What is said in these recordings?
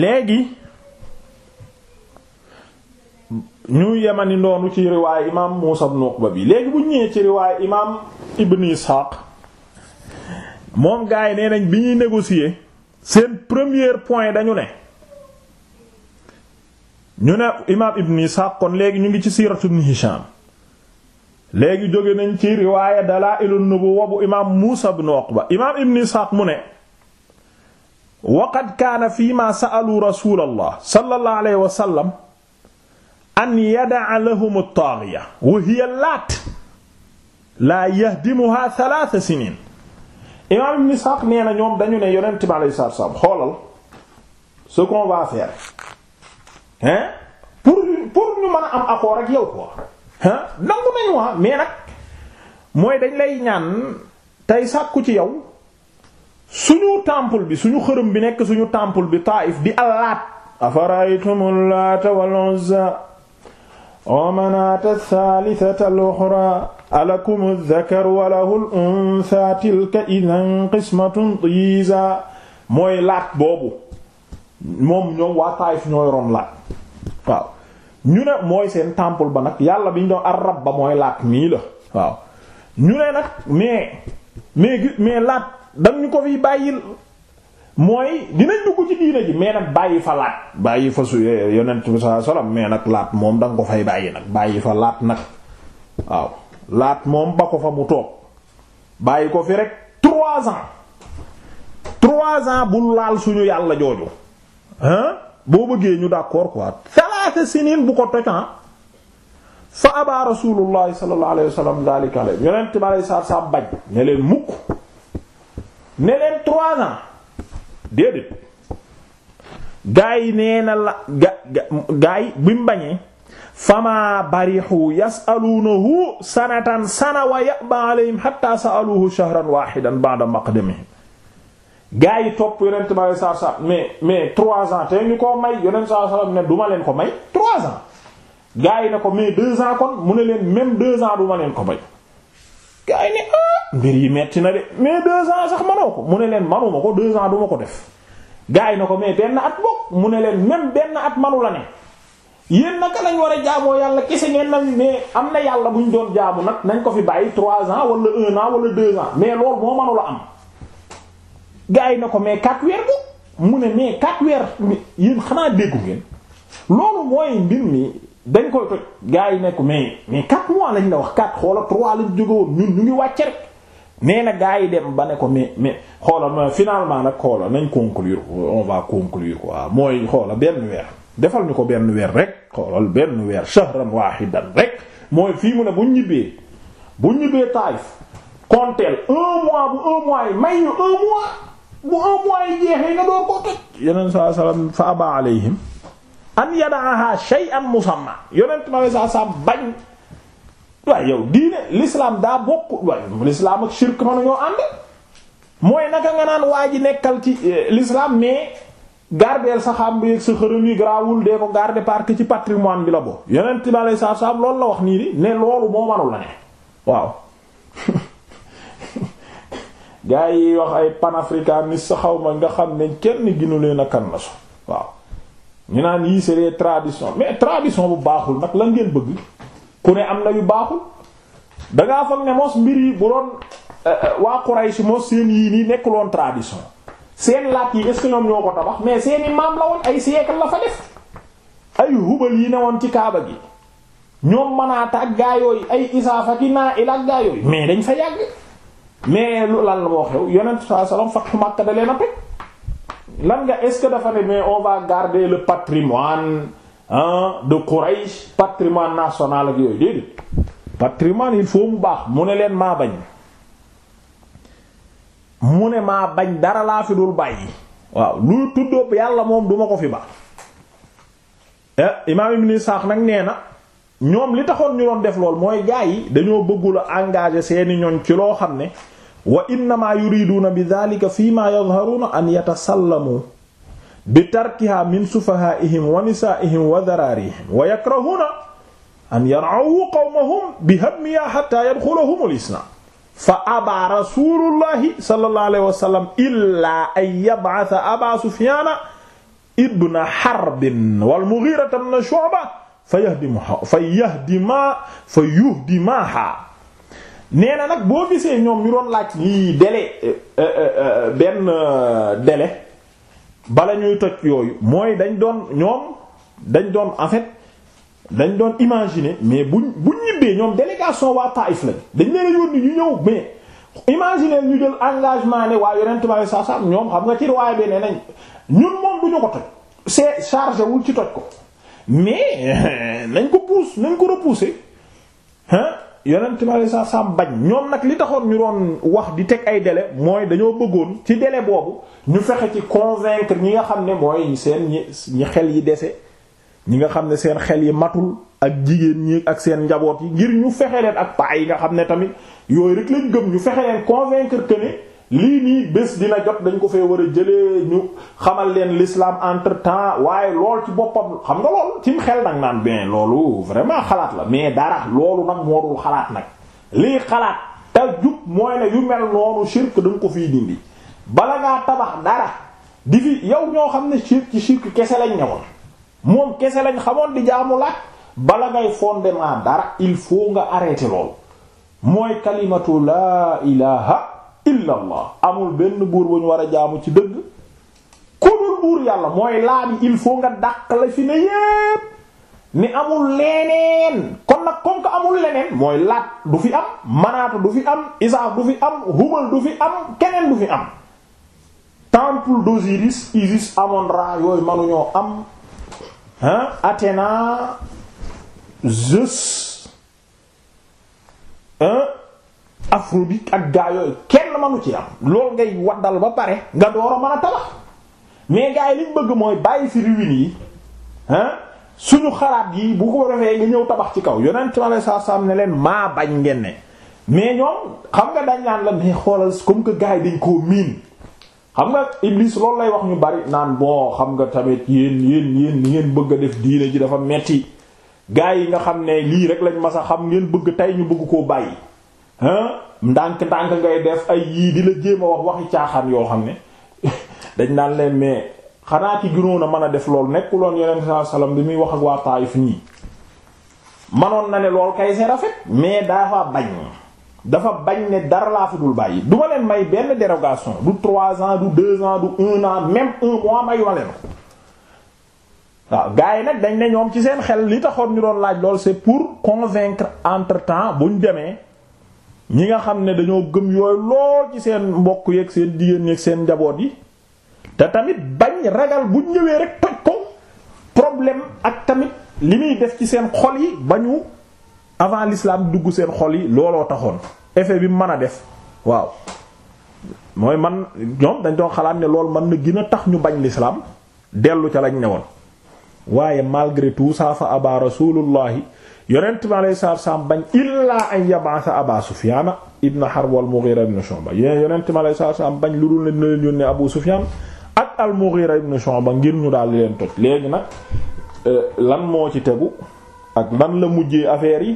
léegi ñu yemani noonu ci riwaay imaam Muusa ibn Uqba bi léegi bu ñëwee ci riwaay imaam Ibn Ishaq moom gars yi nee nañ bi ñuy négocier seen premier point dañu ne ñu ne imaam Ibn Ishaq kon léegi ñu ngi ci siiratu Ibn Hisham léegi jóge nañ ci riwaaya Dalaa'ilun Nubuwwa bu imaam Muusa ibn Uqba imaam Ibn Ishaq mu ne waqad kaana fi ma sa'alu rasulallah sallallahu alayhi wa sallam an yada'a lahum at-taghiya wa hiya laat laa yahdimuha thalath sinin imaam ibn Ishaq nee na ñoom dañu ne yonent bi alayhi salaatu wa salaam xoolal ce qu'on va faire hein pour pour ñu mën am accord ak yow quoi nangu nañu waa ah, mais nag mooy dañ lay ñaan tey sàkku ci yow suñu temple bi suñu xërëm bi nekk suñu temple bi Taayif di Allaat afara'aytumul Laata wal Uzza wa manaata thalithata al-ukhra alakumu dhakaru wa lahul untha tilka idhan qismatun diza mooy Laat boobu moom ñoom waa Taayif ñoo yoroon waaw ñu ne mooy seen temple ba nag yàlla bi ñu doon ar-Rabb mooy Laat mii waaw ñu ne nag mais mais Laat dang ñu ko fi bàyyil mooy dinañ dugg ci diina ji mais nag bàyyi fa laat bàyyi fa su yonent bi sallallahu alayhi wasallam mais nag laat moom danga ko fay bàyyi nag bàyyi fa laat nag waaw laat moom ba ko fa mu toog bàyyi ko fi rek trois ans trois ans bu laal suñu yàlla jooju hein boo bëggee ñu d'accord quoi talaata sinin bu ko toj ah fa abaa rasuulullahi sallallahu alayhi wasallam daalika alayhi yonent bi sallallahu alayhi wasallam bañ mukk ne leen trois ans déedéet gaa yi ne na la ga gaa yi bi mu bañee famaa barixu yasaluunahu sanatan sana wa yaba alayhim hatta saaluhu shahran wahidan ba'da maqdamihim gaa yi topp yonent bi alei satu salam mais trois ans te ñu ko may yonent saai salam ne duma leen ko may trois ans gaa yi ne ko mais deux ans kon mu ne leen même deux ans duma leen ko may mbir yi metti na de mais deux ans sax manoo ko mu ne leen manuma ko deux ans duma ko def gars yi na ko mais benn at mu ne leen même benn at manu la ne yéen naka lañ war a jaamoo yàlla kese na mais am na yàlla bu ñu doon nag nañ ko fi bàyyi trois ans wala un wala deux ans mais loolu moo manu la am yi na ko mais quatre weer mu ne mais quatre weer yéen xanaa déggu ngeen loolu mbir mi dañ koy toj yi ne mais mais quatre mois lañ la wax quatre xoola trois lañ jóge woon ñu ngi wàcce rek nee na gaa yi dem ba ne ko mais mais xoola ma finalement nag xoola nañ conclure on va conclure quoi mooy xoola benn weer defal ñu ko benn weer rek xoolal benn weer shahran wahidan rek mooy fii mu ne bu ñibbee bu ñibbee Taayif konteel un mois bu un mois yi may ñu mois bu un mois yi jeexee nga door ko toj yeneen saa salaam fa aba alayhim an yadaaha shay'an musamma yonent ma bañ waaye yow diine l'islam daa bokk waaye ak shirk mënuñoo ànd mooy naka nga naan waa ji nekkal ci eh, l'islam mais gardeel sa xam bi sa xërëm yi garaawul dee ko garder parce ci patrimoine bi la bo yeneen ci bale saab saab loolu la wax nii di ne loolu moo manul la ne waaw gaa yi wax ay panafricanistes xaw ma nga xam ne kenn ginu leen a na so waaw ñu naan yii c'est des mais tradition bu baaxul nag lan ngeen bëgg ku ne am na yu baaxul dangaa foog ne mos mbir yi bu doon euh, euh, waa Quraysh mos seen yii nii nekkuloon tradition seen laaj yi est-ce que ñoom ñoo ko tabax mais seeni maam la woon ay siècle la fa def ay hubal yi ne woon ci kaaba gi ñoom manaata ak gaa yooyu ay isaafa ki naa il ak gaa yooyu mais dañ fa yàgg mais lu lan la moo xew yonent saa salaam fathu Makka da leen a teg lan nga est-ce que dafa ne mais on va garder le patrimoine de Quraish patrimoine national ak yooyu déedéet patrimoine il faut mu baax mu ne leen maa bañ mu ne maa bañ dara laa fi dul bàyyi waaw luy tuddoo yàlla moom duma ko fi baax eh, imaam Ibn Isaaq nag nee na ñoom li taxoon ñu doon def lool mooy gaa yi dañoo bëggul a engagé seeni ñoñ ci loo xam ne wa innamaa yuriduna bi dhalika fii ma na an yatasallamu bi tarkiha min sufahaa'ihim wa nisaa'ihim wa daraarihim wa yakrahuuna an yar'awu qawmahum bi hadmiha hatta yadkhulahum al-islaam fa abaa rasuulullahi sallallahu alayhi wa sallam illaa an yab'atha abaa sufyaana ibna harbin wal mughiira ibna shu'ba fa yahdimahaa fa yahdimaa fa yuhdimaahaa nee na nag boo gisee ñoom ñu doon laaj lii délai euh, euh, euh, benn délai bala ñuy toj yooyu mooy dañ doon ñoom dañ doon en fait dañ doon imaginer mais buñ bu ñibbee ñoom délégation waa Taïf lañ dañ leen yónni ñu ñëw mais imaginer ñu jël engagement ne waa Yonent bi saa saa ñoom xam nga ci riwaay bi ne nañ ñun moom du ñu ko toj c'est chargé wul ci toj ko mais nañ ko pousse nañ ko repousser yeneen mi aleyhi sa salaam bañ ñoom nag li taxoon ñu doon wax di teg ay délai mooy dañoo bëggoon ci délai boobu ñu fexe ci convaincre ñi nga xam ne mooy seen ñi ñi xel yi dese ñi nga xam ne seen xel yi matul ak jigéen ñi ak seen njaboot yi ngir ñu fexe leen ak paa yi nga xam ne tamit yooyu rek lañ gëm ñu fexe leen convaincre que ne. lii nii bés dina jot dañ ko fee war a jëlee ñu xamal leen lislaam entre temps waaye lool ci boppam xam nga lool ci xel nag naan bien loolu vraiment xalaat la mais dara loolu nag moo dul xalaat nag lii xalaat te jub mooy ne yu mel noonu shirk dañ ko fii dindi bala ngaa tabax dara di fi yow ñoo xam ne shirk ci shirk kese lañ ñëwoon moom kese lañ xamoon di jaamu laaj bala ngay fondement dara il faut nga arrêter loolu mooy kalimatu laa ilaha illa amul benn buur bu ñu war a jaamu ci dëgg ku dul buur yàlla mooy laa il faut nga dàq la fi ne yépp ni amul leneen kon nag kon ko amul leneen mooy laat du fi am manaata du fi am isaaf du fi am humal du fi am keneen du fi am temple d'Osiris Isis Amon Ra yooyu manuñoo am hein Athéna Afrodite ak gaa yooyu kenn manu ci am loolu ngay waddal ba pare nga door a mën a tabax mais gars yi liñ bëgg mooy bàyyi ci ruines yi ah suñu xalaat yi bu ko defee nga ñëw tabax ci kaw yonent ci wàllu saa am ne leen maa bañ ngeen ne mais ñoom xam nga dañ naan la mais xoolal comme que gars yi dañ koo miin. xam nga Iblis loolu lay wax ñu bari naan bon xam nga tamit yéen yéen yéen li ngeen bëgg a def diine ji dafa metti gars yi nga xam ne lii rek lañ mas a xam ngeen bëgg tey ñu bëgg koo bàyyi. ndànk-ndànk ngay def ay yii di la jéem a wax waxi caaxaan yoo xam ne dañ naan leen mais xanaa ci gënoon a mën a def loolu nekkuloon yeneen saa salaam bi muy wax ak waa Taayif nii manoon na ne lool kay c'est rafet mais dafa bañ dafa bañ ne dara laa fi dul bàyyi du ma leen may benn dérogation du trois ans du deux ans du un an même un mois mayu ma leen ko waaw gars yi nag dañ ne ñoom ci seen xel li taxoon ñu doon laaj lool c'est pour convaincre entre temps buñ demee. ñi nga xam ne dañoo gëm yooyu lool ci seen mbokk yeeg seen jigéen ñeeg seen njaboot yi te tamit bañ ragal bu ñëwee rek toj ko problème ak tamit li muy def ci seen xol yi bañu avant lislaam dugg seen xol yi looloo taxoon effet bi mën a def waaw mooy man ñoom dañ doon xalaat ne lool mën na gin a tax ñu bañ l'islam dellu ca lañ newoon waaye malgré tout ça fa aba rasulullahi yonent bi alayhi salaatu salaam bañ illaa an yab'atha Aba Sufyaan ibn Harb wal Mughira ibn Shu'ba yéen yonent bi alayhi salaatu salaam bañ lu dul ne dina leen yónnee Abu Sufyaan ak al Mughira ibn ba ngir ñu daal di leen toj léegi nag euh, lan moo ci tegu ak lan la mujjee affaire yi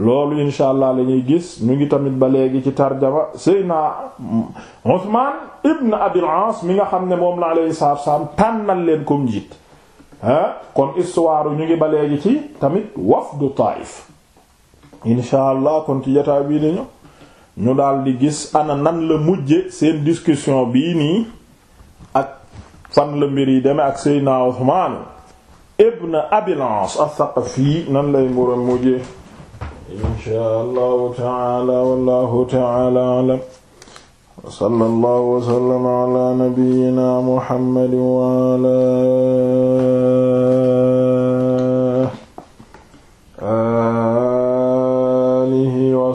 loolu insha allah la gis ñu ngi tamit ba léegi ci tarjama Seydina Usmaan ibn Abil Aas mi nga xam ne moom la alayhi salaatu salaam tànnal leen comme njiit kon histoire ñu ngi ba léegi ci tamit wafdu Taif insha allah kon ci jotaay bii di ñu daal di gis ana nan la mujje seen discussion bii ak fan la mbir yi ak Seydina Uthman ibn Abil As as-Saqafi nan lay mur mujje insha allahu taala wallahu taala alam wa sallallahu wa sallama Muhammad wa